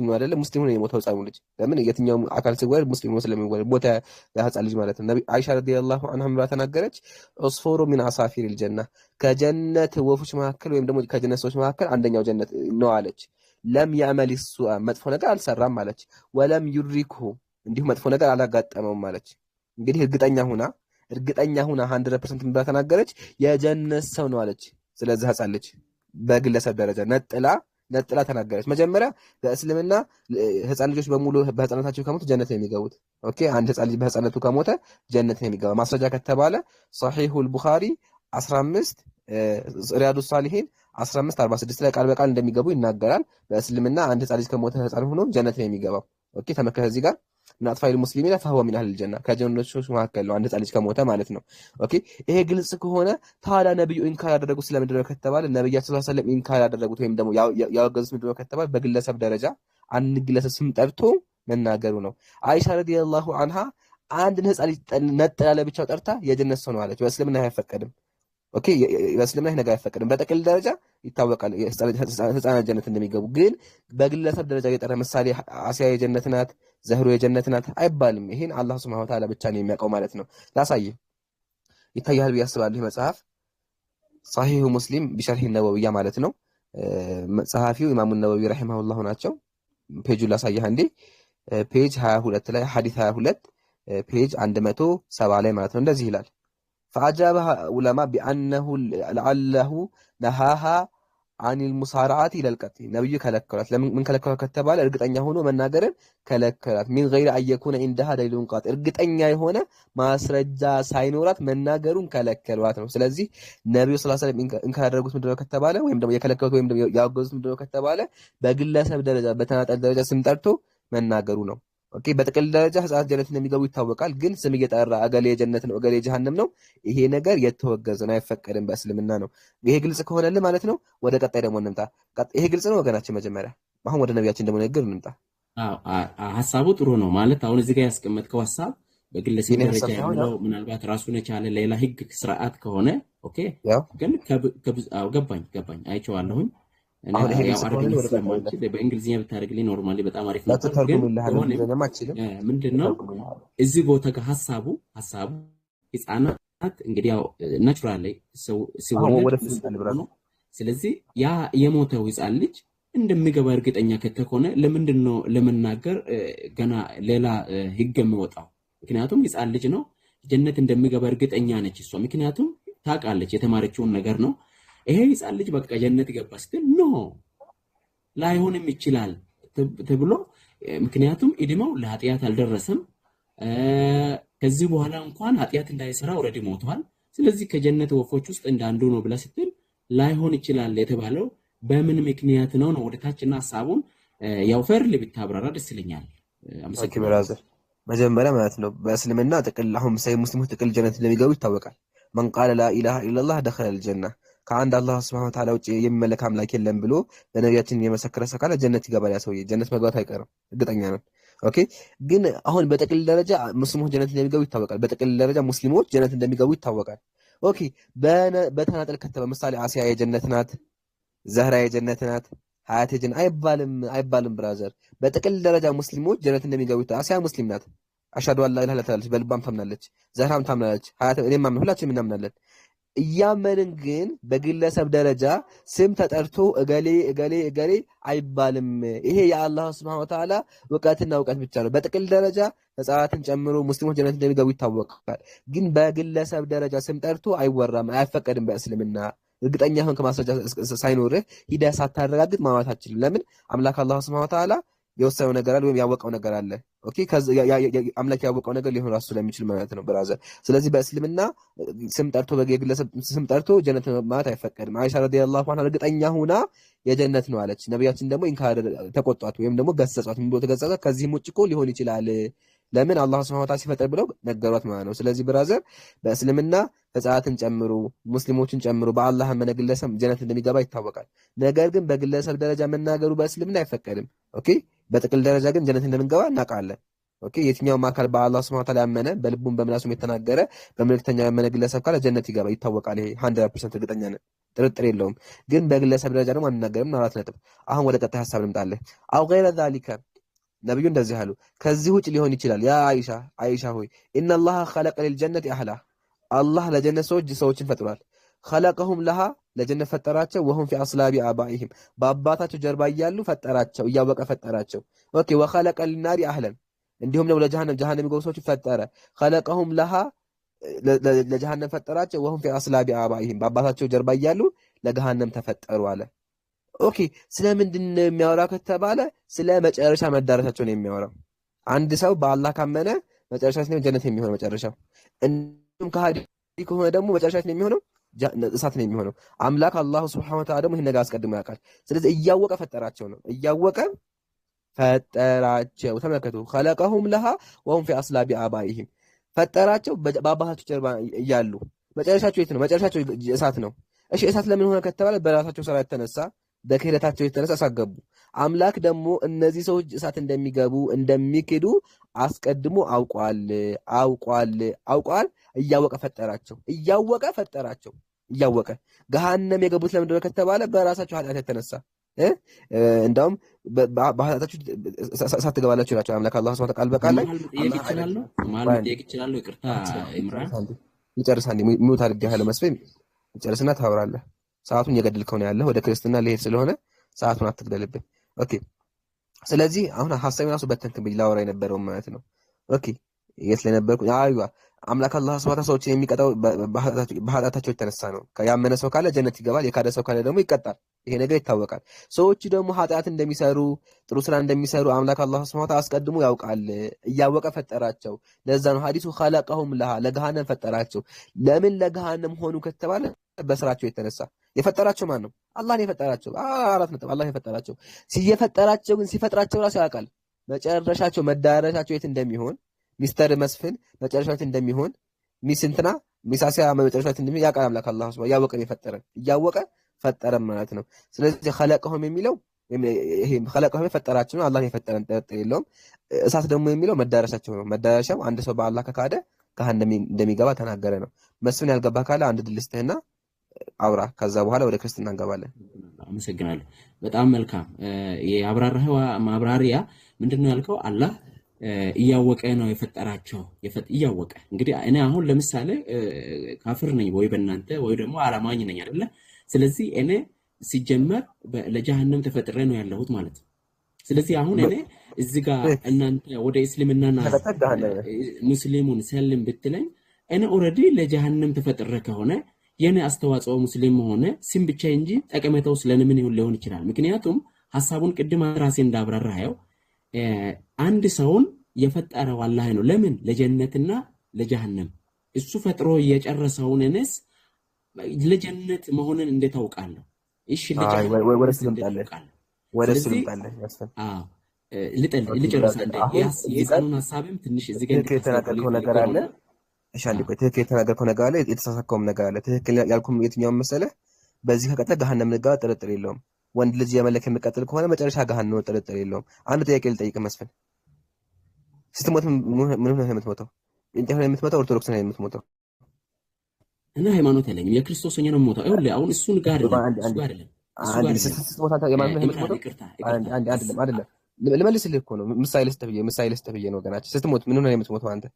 ሙስሊም ነው አይደለ? ሙስሊም ነው የሞተው ህፃኑ ልጅ። ለምን የትኛው አካል ሲወለድ ሙስሊም ነው ስለሚወለድ ሞተ ህፃን ልጅ ማለት ነው። ነቢ አይሻ ረዲየላሁ አንሃ ምራ ተናገረች፣ ዑስፎሩ ሚን አሳፊር ልጀና ከጀነት ወፎች መካከል ወይም ደግሞ ከጀነት ሰዎች መካከል አንደኛው ጀነት ነው አለች። ለም ያዕመል ሱአ መጥፎ ነገር አልሰራም አለች። ወለም ዩድሪክሁ እንዲሁ መጥፎ ነገር አላጋጠመውም አለች። እንግዲህ እርግጠኛ ሁና እርግጠኛ ሁና ሀንድረድ ፐርሰንት ምራ ተናገረች፣ የጀነት ሰው ነው አለች። ስለዚህ ህፃን ልጅ በግለሰብ ደረጃ ነጥላ ነጥላ ተናገረች። መጀመሪያ በእስልምና ህፃን ልጆች በሙሉ በህፃነታቸው ከሞቱ ጀነት የሚገቡት። ኦኬ አንድ ህፃን ልጅ በህፃነቱ ከሞተ ጀነት የሚገባ። ማስረጃ ከተባለ ሰሒሁል ቡኻሪ 15 ሪያዱ ሳሊሂን 1546 ላይ ቃል በቃል እንደሚገቡ ይናገራል። በእስልምና አንድ ህፃን ልጅ ከሞተ ህፃን ሆኖ ጀነት የሚገባው። ኦኬ ተመከረ እዚህ ጋር ምን አጥፋይል ሙስሊሚን ፈህወ ሚን አህል ጀና ከጀነቶች መካከል ነው አንድ ህፃን ልጅ ከሞተ ማለት ነው። ኦኬ ይሄ ግልጽ ከሆነ ታዲያ ነብዩ ኢንካር ያደረጉት ስለምንድን ነው ከተባለ ነብያችን ሰለላሁ ዐለይሂ ኢንካር ያደረጉት ወይም ደግሞ ያወገዙት ምንድን ነው ከተባለ በግለሰብ ደረጃ አንድ ግለሰብ ስም ጠርቶ መናገሩ ነው። አይሻ ረዲየላሁ አንሃ አንድን ህፃን ልጅ ነጠላ ለብቻው ጠርታ የጀነት ሰው ነው አለች። በእስልምና አይፈቀድም። ኦኬ በእስልምና ይህ ነገር አይፈቀድም። በጥቅል ደረጃ ይታወቃል ህፃናት ጀነት እንደሚገቡ። ግን በግለሰብ ደረጃ የጠረ ምሳሌ አሲያ የጀነት ናት፣ ዘህሮ የጀነት ናት አይባልም። ይህን አላህ ስብሐነ ወተዓላ ብቻ ነው የሚያውቀው ማለት ነው። ላሳይ ይታያል ብዬ አስባለሁ። ይህ መጽሐፍ ሳሂሁ ሙስሊም ቢሸርሂ ነበውያ ማለት ነው። መጽሐፊው ኢማሙ ነበዊ ረሒማሁላሁ ናቸው። ፔጁ ላሳይህ እንዴ ፔጅ 22 ላይ ሐዲስ 22 ፔጅ 170 ላይ ማለት ነው። እንደዚህ ይላል ፈአጃበሃ ዑለማ ቢአነሁ ለዐለሁ ነሃሃ አኒል ሙሳራዓት ኢለል ቀትል ነብዩ ከለከሏት። ምን ከለከሏት ከተባለ እርግጠኛ ሆኖ መናገርን ከለከሏት። ሚን ገይሪ አየኩነ ኢንደሃ ደሊሉን ቃጢ እርግጠኛ የሆነ ማስረጃ ሳይኖራት መናገሩን ከለከሏት ነው። ስለዚህ ነብዩ ሰለላሁ ዐለይሂ ወሰለም እንካደረጉት ምንድነው ከተባለ ወይም ደግሞ የከለከሉት ወይም ደግሞ ያወገዙት ምንድነው ከተባለ በግለሰብ ደረጃ በተናጠል ደረጃ ስም ጠርቶ መናገሩ ነው። ኦኬ በጥቅል ደረጃ ህጻናት ጀነት እንደሚገቡ ይታወቃል። ግን ስም እየጠራ እገሌ ጀነት ነው እገሌ ጀሃንም ነው ይሄ ነገር የተወገዘ ነው፣ አይፈቀድም በእስልምና ነው። ይሄ ግልጽ ከሆነልን ማለት ነው። ወደ ቀጣይ ደግሞ እንምጣ። ይሄ ግልጽ ነው ወገናችን። መጀመሪያ አሁን ወደ ነቢያችን ደግሞ ንግግር እንምጣ። ሀሳቡ ጥሩ ነው ማለት አሁን እዚህ ጋር ያስቀመጥከው ሀሳብ በግለሰብ ደረጃ ያለው ምናልባት ራሱን የቻለ ሌላ ህግ ስርዓት ከሆነ ኦኬ። ግን ገባኝ ገባኝ አይቼዋለሁኝ በእንግሊዝኛ ብታደርግልኝ ኖርማሊ በጣም አሪፍ ምንድን ነው እዚህ ቦታ ጋር ሀሳቡ ሀሳቡ ህፃናት እንግዲህ ያው ናቹራል ላይ ሲሆነ ስለዚህ ያ የሞተው ህፃን ልጅ እንደሚገባ እርግጠኛ ከተሆነ ለምንድን ነው ለመናገር ገና ሌላ ህግ የሚወጣው? ምክንያቱም ህፃን ልጅ ነው። ጀነት እንደሚገባ እርግጠኛ ነች እሷ። ምክንያቱም ታውቃለች፣ የተማረችውን ነገር ነው ይሄ ህፃን ልጅ በቃ ጀነት ገባ ስትል ኖ ላይሆንም ይችላል ተብሎ ምክንያቱም እድሜው ለኃጢአት አልደረሰም። ከዚህ በኋላ እንኳን ኃጢአት እንዳይሰራ ወረድ ሞቷል። ስለዚህ ከጀነት ወፎች ውስጥ እንዳንዱ ነው ብለ ስትል ላይሆን ይችላል የተባለው በምን ምክንያት ነው ነው ወደታችና ሀሳቡን ያው ፈርል ብታብራራ ደስ ይለኛል። ብራዘር መጀመሪያ ማለት ነው በእስልምና ጥቅል አሁን ሙስሊሞች ጥቅል ጀነት እንደሚገቡ ይታወቃል። መንቃለ ላኢላሃ ኢለላህ ደኸለል ጀና ከአንድ አላህ ስብሐነ ተዓላ ውጭ የሚመለክ አምላክ የለም ብሎ በነቢያችን የመሰከረ ሰው ካለ ጀነት ይገባል። ያ ሰውዬ ጀነት መግባት አይቀርም፣ እርግጠኛ ነን። ኦኬ ግን አሁን በጥቅል ደረጃ ሙስሊሞች ጀነት እንደሚገቡ ይታወቃል። በጥቅል ደረጃ ሙስሊሞች ጀነት እንደሚገቡ ይታወቃል። ኦኬ በተናጠል ከተበ ምሳሌ አሲያ የጀነት ናት፣ ዘህራ የጀነት ናት፣ ሀያት የጀነት አይባልም፣ አይባልም ብራዘር። በጥቅል ደረጃ ሙስሊሞች ጀነት እንደሚገቡ አሲያ ሙስሊም ናት። አሻዱ አላ ኢላሃ ኢለላህ ትላለች፣ በልባም ታምናለች፣ ዘህራም ታምናለች፣ ሀያት እኔም ማምናለሁ፣ ሁላችንም እናምናለን። እያመንን ግን በግለሰብ ደረጃ ስም ተጠርቶ እገሌ እገሌ እገሌ አይባልም። ይሄ የአላህ ስብሐነ ወተዓላ እውቀትና እውቀት ብቻ ነው። በጥቅል ደረጃ ሕፃናትን ጨምሮ ሙስሊሞች ጀነት እንደሚገቡ ይታወቃል። ግን በግለሰብ ደረጃ ስም ጠርቶ አይወራም፣ አያፈቀድም በእስልምና እርግጠኛ ሆን ከማስረጃ ሳይኖርህ ሂደህ ሳታረጋግጥ አችልም። ለምን አምላክ አላህ ስብሐነ ወተዓላ የወሰነው ነገር አለ ወይም ያወቀው ነገር አለ። ኦኬ አምላክ ያወቀው ነገር ሊሆን ራሱ ስለሚችል ማለት ነው ብራዘር። ስለዚህ በእስልምና ስም ጠርቶ የግለሰብ ስም ጠርቶ ጀነት ማለት አይፈቀድም። አይሻ ረዲየላሁ ዐንሃ እርግጠኛ ሁና የጀነት ነው አለች። ነቢያችን ደግሞ ኢንካር ተቆጧት ወይም ደግሞ ገሰጿት። ምን ብሎ ተገሰጸ? ከዚህም ውጭ እኮ ሊሆን ይችላል ለምን አላህ ስብሐ ወተዓላ ሲፈጥር ብለው ነገሯት ማለት ነው። ስለዚህ ብራዘር በእስልምና ህጻናትን ጨምሩ ሙስሊሞችን ጨምሩ በአላህ ያመነ ግለሰብ ጀነት እንደሚገባ ይታወቃል። ነገር ግን በግለሰብ ደረጃ መናገሩ በእስልምና አይፈቀድም። ኦኬ በጥቅል ደረጃ ግን ጀነት እንደምንገባ እናውቃለን። ኦኬ የትኛውም አካል በአላህ ስብሐ ወተዓላ ያመነ በልቡም በምላሱም የተናገረ በመልክተኛ ያመነ ግለሰብ ካለ ጀነት ይገባ ይታወቃል። ይሄ 100% እርግጠኛ ነን። ጥርጥር የለውም። ግን በግለሰብ ደረጃ ደግሞ አንናገርም። አራት ነጥብ። አሁን ወደ ቀጣይ ሀሳብ ልምጣለህ። አው ገይረ ዛሊከ ነብዩ እንደዚህ አሉ። ከዚህ ውጭ ሊሆን ይችላል። ያ አይሻ አይሻ ሆይ ኢነላሃ ኸለቀ ሊልጀነት አህላ አላህ ለጀነት ሰዎች ሰዎችን ፈጥሯል። ኸለቀሁም ለሃ ለጀነት ፈጠራቸው። ወሁም ፊ አስላቢ አባኢሂም በአባታቸው ጀርባ እያሉ ፈጠራቸው፣ እያወቀ ፈጠራቸው። ኦኬ ወኸለቀ ሊናሪ አህለን እንዲሁም ደግሞ ለጀሃነም ጀሃነም የሚገቡ ሰዎች ፈጠረ። ኸለቀሁም ለሃ ለጀሃነም ፈጠራቸው። ወሁም ፊ አስላቢ አባኢሂም በአባታቸው ጀርባ እያሉ ለገሃነም ተፈጠሩ አለ። ኦኬ ስለ ምንድን ነው የሚያወራው ከተባለ ስለ መጨረሻ መዳረሻቸው ነው የሚያወራው። አንድ ሰው በአላህ ካመነ መጨረሻ ጀነት የሚሆነው መጨረሻው፣ እንዲሁም ከሃዲ ከሆነ ደግሞ መጨረሻ የሚሆነው እሳት ነው የሚሆነው። አምላክ አላሁ ስብሐነሁ ወተዓላ ደግሞ ይህን ነገር አስቀድሞ ያውቃል። ስለዚህ እያወቀ ፈጠራቸው ነው እያወቀ ፈጠራቸው። ተመልከቱ ከለቀሁም ለሃ ወሁም ፊ አስላቢ አባይህም ፈጠራቸው በአባታቸው ጀርባ እያሉ መጨረሻቸው የት ነው? መጨረሻቸው እሳት ነው። እሺ እሳት ለምን ሆነ ከተባለ በራሳቸው ስራ የተነሳ በክህደታቸው የተነሳ እሳት ገቡ። አምላክ ደግሞ እነዚህ ሰዎች እሳት እንደሚገቡ እንደሚክዱ አስቀድሞ አውቋል አውቋል አውቋል። እያወቀ ፈጠራቸው እያወቀ ፈጠራቸው እያወቀ ገሃነም የገቡት ለምንድን ከተባለ በራሳቸው ኃጢአት የተነሳ እንዲሁም በኃጢአታችሁ እሳት ትገባላችሁ ይላቸው አምላክ አላህ ስብሐ ቃል በቃል ላይ ይጨርሳ ሚውት አድርጌ ለመስፈ ይጨርስና ታወራለህ ሰዓቱን እየገደልከው ነው ያለ ወደ ክርስትና ልሄድ ስለሆነ ሰዓቱን አትግደልብን። ኦኬ ስለዚህ አሁን ሀሳቢ ራሱ በተንክ በተንክብኝ ላወራ የነበረውን ማለት ነው። ኦኬ የት ላይ ነበርኩ? አይዋ አምላክ አላህ ስብሐት ሰዎችን የሚቀጣው በኃጢአታቸው የተነሳ ነው። ያመነ ሰው ካለ ጀነት ይገባል፣ የካደ ሰው ካለ ደግሞ ይቀጣል። ይሄ ነገር ይታወቃል። ሰዎች ደግሞ ኃጢአት እንደሚሰሩ ጥሩ ስራ እንደሚሰሩ አምላክ አላህ ስብሐት አስቀድሞ ያውቃል፣ እያወቀ ፈጠራቸው። ለዛ ነው ሀዲሱ ከለቀሁም ለሃ ለገሃነም ፈጠራቸው። ለምን ለገሃነም ሆኑ ከተባለ በስራቸው የተነሳ የፈጠራቸው ማን ነው? አላህ ነው የፈጠራቸው። አራት ነጥብ። አላህ የፈጠራቸው ሲየፈጠራቸው ግን ሲፈጥራቸው ራሱ ያውቃል መጨረሻቸው መዳረሻቸው የት እንደሚሆን ሚስተር መስፍን መጨረሻው እንደሚሆን ሚስ እንትና ሚሳሲያ መጨረሻው የት እንደሚሆን ያውቃል አምላክ አላህ ሱብሃነሁ ያወቀ ነው የፈጠረን እያወቀ ፈጠረን ማለት ነው። ስለዚህ ኸለቀሁም የሚለው ይሄ ኸለቀሁም የፈጠራቸው ነው። አላህ የፈጠረን ጥርጥር የለውም። እሳት ደግሞ የሚለው መዳረሻቸው ነው። መዳረሻው አንድ ሰው በአላህ ከካደ ከሃ እንደሚገባ ተናገረ ነው። መስፍን ያልገባ ካለ አንድ ድልስትህና አብራ ከዛ በኋላ ወደ ክርስትና እንገባለን። አመሰግናለሁ። በጣም መልካም የአብራራህዋ ማብራሪያ ምንድን ነው ያልከው? አላህ እያወቀ ነው የፈጠራቸው። እያወቀ እንግዲህ እኔ አሁን ለምሳሌ ካፍር ነኝ ወይ በእናንተ ወይ ደግሞ አላማኝ ነኝ አይደለ? ስለዚህ እኔ ሲጀመር ለጀሃነም ተፈጥሬ ነው ያለሁት ማለት ነው። ስለዚህ አሁን እኔ እዚህ ጋር እናንተ ወደ እስልምናና ሙስሊሙን ሰልም ብትለኝ እኔ ኦልሬዲ ለጀሃነም ተፈጥሬ ከሆነ የኔ አስተዋጽኦ ሙስሊም ሆነ ስም ብቻ እንጂ ጠቀሜታው ስለምን ይሁን ሊሆን ይችላል። ምክንያቱም ሀሳቡን ቅድም ራሴ እንዳብራራየው አንድ ሰውን የፈጠረው አላህ ነው። ለምን ለጀነትና ለጀሃነም እሱ ፈጥሮ የጨረሰውን እኔስ ለጀነት መሆንን እንዴት አውቃለሁ? እሺ ልጨርስ። አንዴ የህፃኑን ሀሳብም ትንሽ እዚህ ጋር የተናገርከው ነገር አለ እሺ አንዴ ቆይ፣ ትክክል የተናገርከው ነገር አለ፣ የተሳሳትከውም ነገር አለ። ትክክል ያልኩም የትኛውም መሰለህ? በዚህ ከቀጠል ገሃነም ጋር ጥርጥር የለውም። ወንድ ልጅ የመለክ የሚቀጥል ከሆነ መጨረሻ ገሃነም ጥርጥር የለውም። አንድ ጥያቄ ልጠይቅ መስፍን፣ ስትሞት ምን ሆነህ ነው የምትሞተው? ጴንጤ ሆነህ የምትሞተው? ኦርቶዶክስ ሆነህ የምትሞተው? እኔ ሃይማኖት የለኝም የክርስቶስ ሆኜ ነው የምሞተው። ይኸውልህ አሁን እሱን ጋር አይደለም ልመልስልህ እኮ ነው ምሳሌ ልስጥህ ብዬ ነው። ወገናችን፣ ስትሞት ምን ሆነህ ነው የምትሞተው አንተ?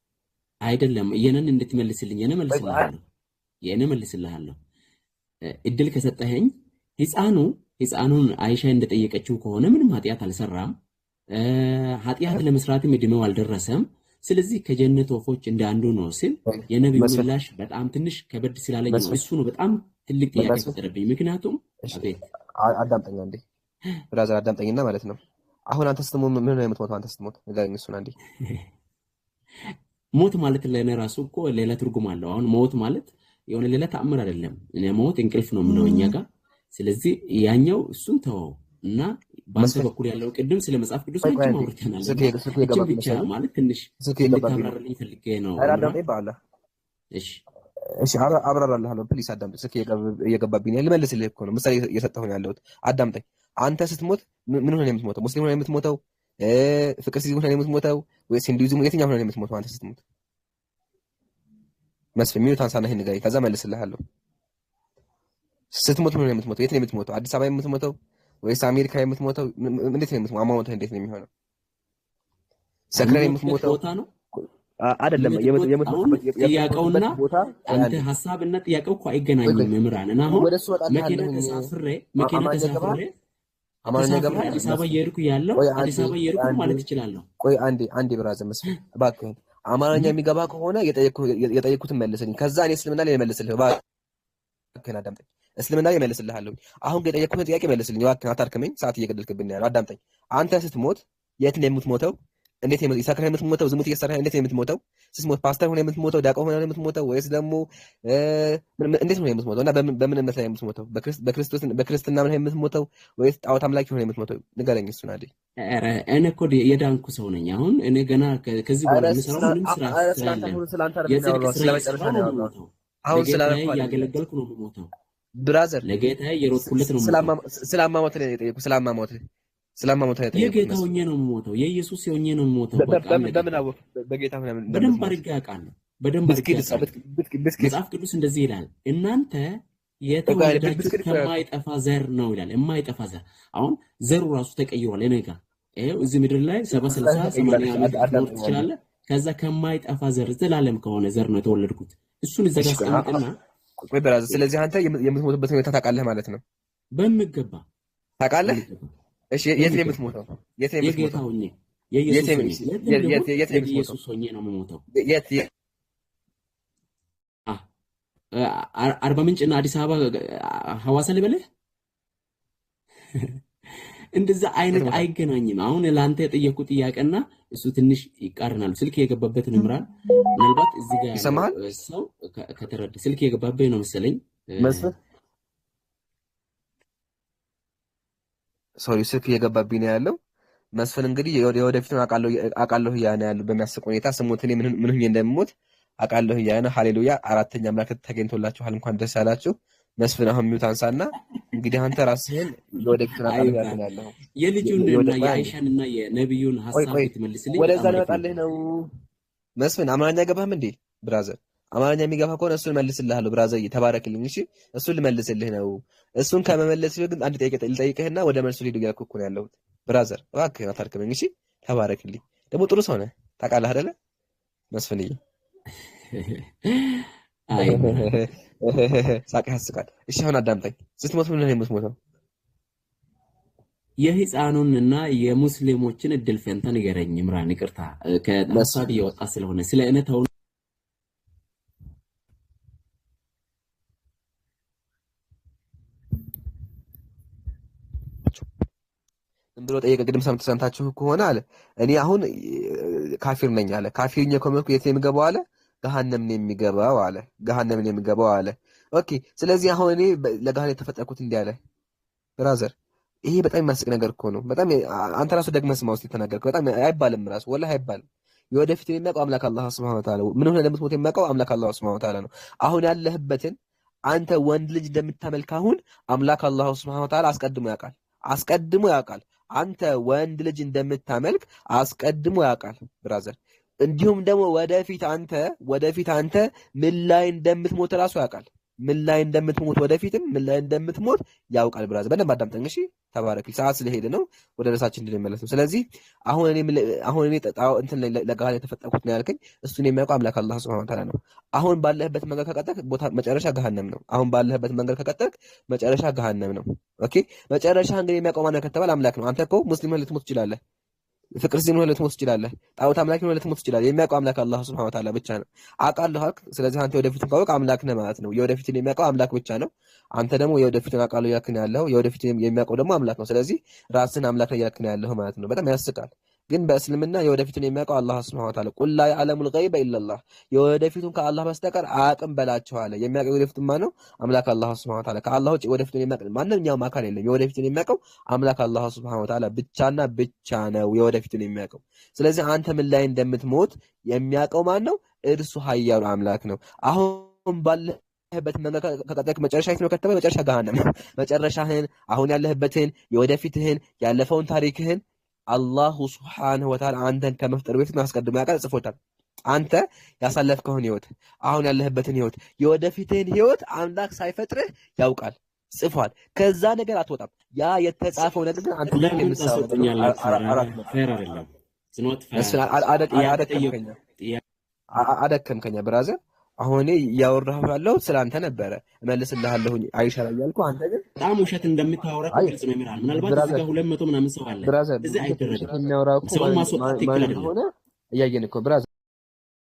አይደለም የነን እንድትመልስልኝ የነ መልስልሃለሁ የነ መልስልሃለሁ እድል ከሰጠኸኝ ህፃኑ ህፃኑን አይሻ እንደጠየቀችው ከሆነ ምንም ኃጢአት አልሰራም። ኃጢአት ለመስራትም እድሜው አልደረሰም። ስለዚህ ከጀነት ወፎች እንደ አንዱ ነው ስል የነቢዩ ምላሽ በጣም ትንሽ ከበድ ስላለኝ እሱ ነው በጣም ትልቅ ጥያቄ ፈጠረብኝ። ምክንያቱም አዳምጠኛ እንዴ ብራዘር አዳምጠኝና ማለት ነው አሁን አንተ ስትሞት ምን ነው የምትሞተው? አንተ ስትሞት ንገረኝ። እሱን አንዴ ሞት ማለት ለእኔ ራሱ እኮ ሌላ ትርጉም አለው። አሁን ሞት ማለት የሆነ ሌላ ተአምር አይደለም። እኔ ሞት እንቅልፍ ነው የምለው እኛ ጋር። ስለዚህ ያኛው እሱን ተወው እና በአንተ በኩል ያለው ቅድም ስለ መጽሐፍ ቅዱስ ረጅም ማውርተናል ብቻ ማለት ትንሽ እንድታብራራልኝ ፈልጌ ነው። እሺ እሺ አብራራልሃለሁ። ፕሊስ አዳምጠኝ። ስልክ እየገባብኝ ልመልስልህ እኮ ነው። ምሳሌ እየሰጠሁ ነው ያለሁት። አዳምጠኝ። አንተ ስትሞት ምን ሆነ የምትሞተው? ሙስሊም ሆነ የምትሞተው ፍቅር ሲዝሙት ነው የምትሞተው ወይስ ሂንዱይዝሙ? የትኛው ነው የምትሞተው አንተ ስትሞት? መስፍን ሚዩት አንሳና ይሄን ንገረኝ፣ ከዛ መልስልሃለሁ። ስትሞት ነው የምትሞተው? የት ነው የምትሞተው? አዲስ አበባ የምትሞተው ወይስ አሜሪካ የምትሞተው? እንዴት ነው የምትሞተው? አሟሟትህ እንዴት ነው የሚሆነው? ሰክረህ የምትሞተው አይደለም ጥያቄውና አንተ ሀሳብና ጥያቄው እኮ አይገናኝም። ምራን እና አሁን መኪና ተሳፍሬ መኪና ተሳፍሬ አማርኛ ገባ። አዲስ አበባ እየሄድኩ ያለው አዲስ አበባ እየሄድኩ ማለት እችላለሁ። ቆይ አንዴ አንዴ ብራዘር መስፍን እባክህን አማርኛ የሚገባ ከሆነ የጠየኩትን መልስልኝ። ከዛ እኔ እስልምና ላይ መልስልህ እባክህን አዳምጠኝ። እስልምና ላይ መልስልሃለሁ። አሁን የጠየኩትን ጥያቄ መልስልኝ እባክህን፣ አታርክመኝ። ሰዓት እየገደልክብኝ ያለው አዳምጠኝ። አንተ ስትሞት የት ነው የምትሞተው? እንዴት ይሰክረህ የምትሞተው? ዝሙት እየሰራህ እንዴት ነው የምትሞተው? ስትሞት ፓስተር ሆነ የምትሞተው፣ ዲያቆን ሆነ የምትሞተው ወይስ ደግሞ እንዴት ሆነ የምትሞተው እና በምን እምነት ላይ የምትሞተው? በክርስቶስ በክርስትና ምን የምትሞተው ወይስ ጣዖት አምላኪ ሆነ የምትሞተው? ንገረኝ። እሱን አይደል? እኔ እኮ የዳንኩ ሰው ነኝ። አሁን እኔ ገና ከዚህ በኋላ የምሰራው ምንም ስራ ስለሌለኝ አሁን ስላያገለገልኩ ነው የምሞተው። ብራዘር ለጌታዬ የሮጥኩለት ነው። ስላማሞት ነው የጠየኩህ፣ ስላማሞት ስለማሞታ የጌታ ሆኜ ነው የምሞተው፣ የኢየሱስ ሆኜ ነው የምሞተው። በምን አወቅ? በጌታ በደንብ አድርጌ አውቃለሁ። በደንብ መጽሐፍ ቅዱስ እንደዚህ ይላል፣ እናንተ የተወለዳችሁት ከማይጠፋ ዘር ነው ይላል። የማይጠፋ ዘር አሁን ዘሩ ራሱ ተቀይሯል። እኔ ጋር ይኸው እዚህ ምድር ላይ ሰባ ስልሳ ሰማንያ ዓመት ትችላለ። ከዛ ከማይጠፋ ዘር ዘላለም ከሆነ ዘር ነው የተወለድኩት። እሱን እዛ ጋር አስቀምጥና ስለዚህ አንተ የምትሞትበት ሁኔታ ታውቃለህ ማለት ነው። በምገባ ታውቃለህ እሺ የት ነው የምትሞተው? የት ነው የምትሞተው? የኢየሱስ ሆኜ ነው የምሞተው። የት አርባ ምንጭና አዲስ አበባ ሐዋሳ ልበልህ? እንደዛ አይነት አይገናኝም። አሁን ለአንተ የጠየቁ ጥያቄና እሱ ትንሽ ይቃርናሉ። ስልክ የገባበት ንምራል ምናልባት እዚህ ጋር ሰው ከተረዳ ስልክ የገባበት ነው መሰለኝ ሶሪ ስልክ እየገባብኝ ነው ያለው። መስፍን እንግዲህ የወደፊቱን አውቃለሁ እያለ ያለው በሚያስቅ ሁኔታ ስሙት፣ እኔ ምን ሆኜ እንደምሞት አውቃለሁ እያለ ሃሌሉያ። አራተኛ አምላክ ተገኝቶላችኋል፣ እንኳን ደስ ያላችሁ። መስፍን አሁን ሚዩት አንሳና እንግዲህ አንተ ራስህን የወደፊቱን አውቃለሁ ያለው የልጁንና የአይሻንና የነቢዩን ሀሳብ ትመልስልኝ። ወደዛ ልመጣልህ ነው መስፍን። አማርኛ አይገባህም እንዴ ብራዘር? አማርኛ የሚገፋ ከሆነ እሱን መልስልሃለሁ። ብራዘርዬ ተባረክልኝ። እሺ እሱን ልመልስልህ ነው። እሱን ከመመለስ ግን አንድ ጥያቄ ልጠይቅህና ወደ መልሱ ሊሄዱ እያልኩህ ነው ያለሁት። ብራዘር እባክህ አታርክመኝ። እሺ ተባረክልኝ። ደግሞ ጥሩ ሰው ነህ ታውቃለህ አይደለ መስፍንዬ? ሳቅ ያስቃል። እሺ አሁን አዳምጠኝ። ስትሞት ምን ነው የምትሞተው? የህፃኑን እና የሙስሊሞችን እድል ፈንታ ንገረኝ። ምራን ይቅርታ ከጠሳድ እየወጣ ስለሆነ ስለ እውነት አሁን ብሎ ጠየቀ። ቅድም ሰምታችሁ ከሆነ አለ እኔ አሁን ካፊር ነኝ አለ። ካፊር ኛ ከመልኩ የት የሚገባው አለ ገሃነምን የሚገባው አለ። ገሃነምን የሚገባው አለ። ኦኬ ስለዚህ አሁን እኔ ለገሃነም የተፈጠርኩት እንዲህ አለ። ብራዘር ይሄ በጣም የሚያስቅ ነገር እኮ ነው። በጣም አንተ ራሱ ደግመህ ስማ ውስጥ የተናገርከው በጣም አይባልም፣ ራሱ ወላሂ አይባልም። የወደፊት የሚያውቀው አምላክ አላህ ሱብሓነሁ ወተዓላ፣ ምን ሆነ ለምትሞት የሚያውቀው አምላክ አላህ ሱብሓነሁ ወተዓላ ነው። አሁን ያለህበትን አንተ ወንድ ልጅ እንደምታመልክ አሁን አምላክ አላህ ሱብሓነሁ ወተዓላ አስቀድሞ ያውቃል፣ አስቀድሞ ያውቃል። አንተ ወንድ ልጅ እንደምታመልክ አስቀድሞ ያውቃል ብራዘር። እንዲሁም ደግሞ ወደፊት አንተ ወደፊት አንተ ምን ላይ እንደምትሞት ራሱ ያውቃል። ምን ላይ እንደምትሞት ወደፊትም ምን ላይ እንደምትሞት ያውቃል። ብራዝ በደንብ አዳምጠኝ እሺ። ተባረክ። ሰዓት ስለሄደ ነው ወደ ርዕሳችን እንድንመለስ ነው። ስለዚህ አሁን እኔ ጠጣው እንትን ለጋሃድ የተፈጠርኩት ነው ያልከኝ፣ እሱን የሚያውቀው አምላክ አላህ ሱብሃነሁ ወተዓላ ነው። አሁን ባለህበት መንገድ ከቀጠልክ መጨረሻ ገሃነም ነው። አሁን ባለህበት መንገድ ከቀጠልክ መጨረሻ ገሃነም ነው። ኦኬ። መጨረሻ እንግዲህ የሚያውቀው ማነው ከተባለ አምላክ ነው። አንተ እኮ ሙስሊም ልትሞት ትችላለህ ፍቅር ሲሆን ሁለት ሞት ትችላለህ። ጣዖት አምላክ ሆነ ልትሞት ትችላለህ። የሚያውቀው አምላክ አላህ ሱብሐነሁ ወተዓላ ብቻ ነው። አውቃለሁ አልክ። ስለዚህ አንተ የወደፊቱን ካወቅ አምላክ ነህ ማለት ነው። የወደፊቱን የሚያውቀው አምላክ ብቻ ነው። አንተ ደግሞ የወደፊቱን አውቃለሁ እያልክ ነው ያለኸው። የወደፊቱን የሚያውቀው ደግሞ አምላክ ነው። ስለዚህ ራስህን አምላክ ላይ እያልክ ነው ያለኸው ማለት ነው። በጣም ያስቃል። ግን በእስልምና የወደፊቱን የሚያውቀው አላህ ሱብሓነሁ ወተዓላ ቁል ላ የዕለሙል ገይበ ኢለላህ የወደፊቱን ከአላህ በስተቀር አያውቅም በላቸው አለ። የሚያውቀው የወደፊቱን ማነው? አምላክ አላህ ሱብሓነሁ ወተዓላ። ከአላህ ውጭ የወደፊቱን የሚያውቅ ማንኛውም አካል የለም። የወደፊቱን የሚያውቀው አምላክ አላህ ሱብሓነሁ ወተዓላ ብቻና ብቻ ነው የወደፊቱን የሚያውቀው። ስለዚህ አንተ ምን ላይ እንደምትሞት የሚያውቀው ማን ነው? እርሱ ኃያሉ አምላክ ነው። አሁን ባለ ያለህበት መንገድ መጨረሻ ነው ከተባለ መጨረሻ ገሃነም። መጨረሻህን፣ አሁን ያለህበትን፣ የወደፊትህን፣ ያለፈውን ታሪክህን አላሁ ስብሓንሁ ወተዓላ አንተን ከመፍጠር በፊት አስቀድሞ ያውቃል፣ ጽፎታል። አንተ ያሳለፍከውን ህይወት፣ አሁን ያለህበትን ህይወት፣ የወደፊትህን ህይወት አምላክ ሳይፈጥርህ ያውቃል፣ ጽፏል። ከዛ ነገር አትወጣም። ያ የተጻፈው ነገር ግን አንተ አደከምከኛ ብራዘር አሁን እኔ እያወራሁ ያለሁት ስለ አንተ ነበረ። እመልስልሃለሁኝ አይሻ ላይ ያልኩ አንተ ግን በጣም ውሸት እንደምታወራ ግልጽ ነው። ይምራል ምናልባት እዚህ ጋር ሁለት መቶ ምናምን ሰው አለ። እዚህ አይደረግም። ሰው ማስወጣት ትክክል አይደለም። እያየን እኮ ብራዘር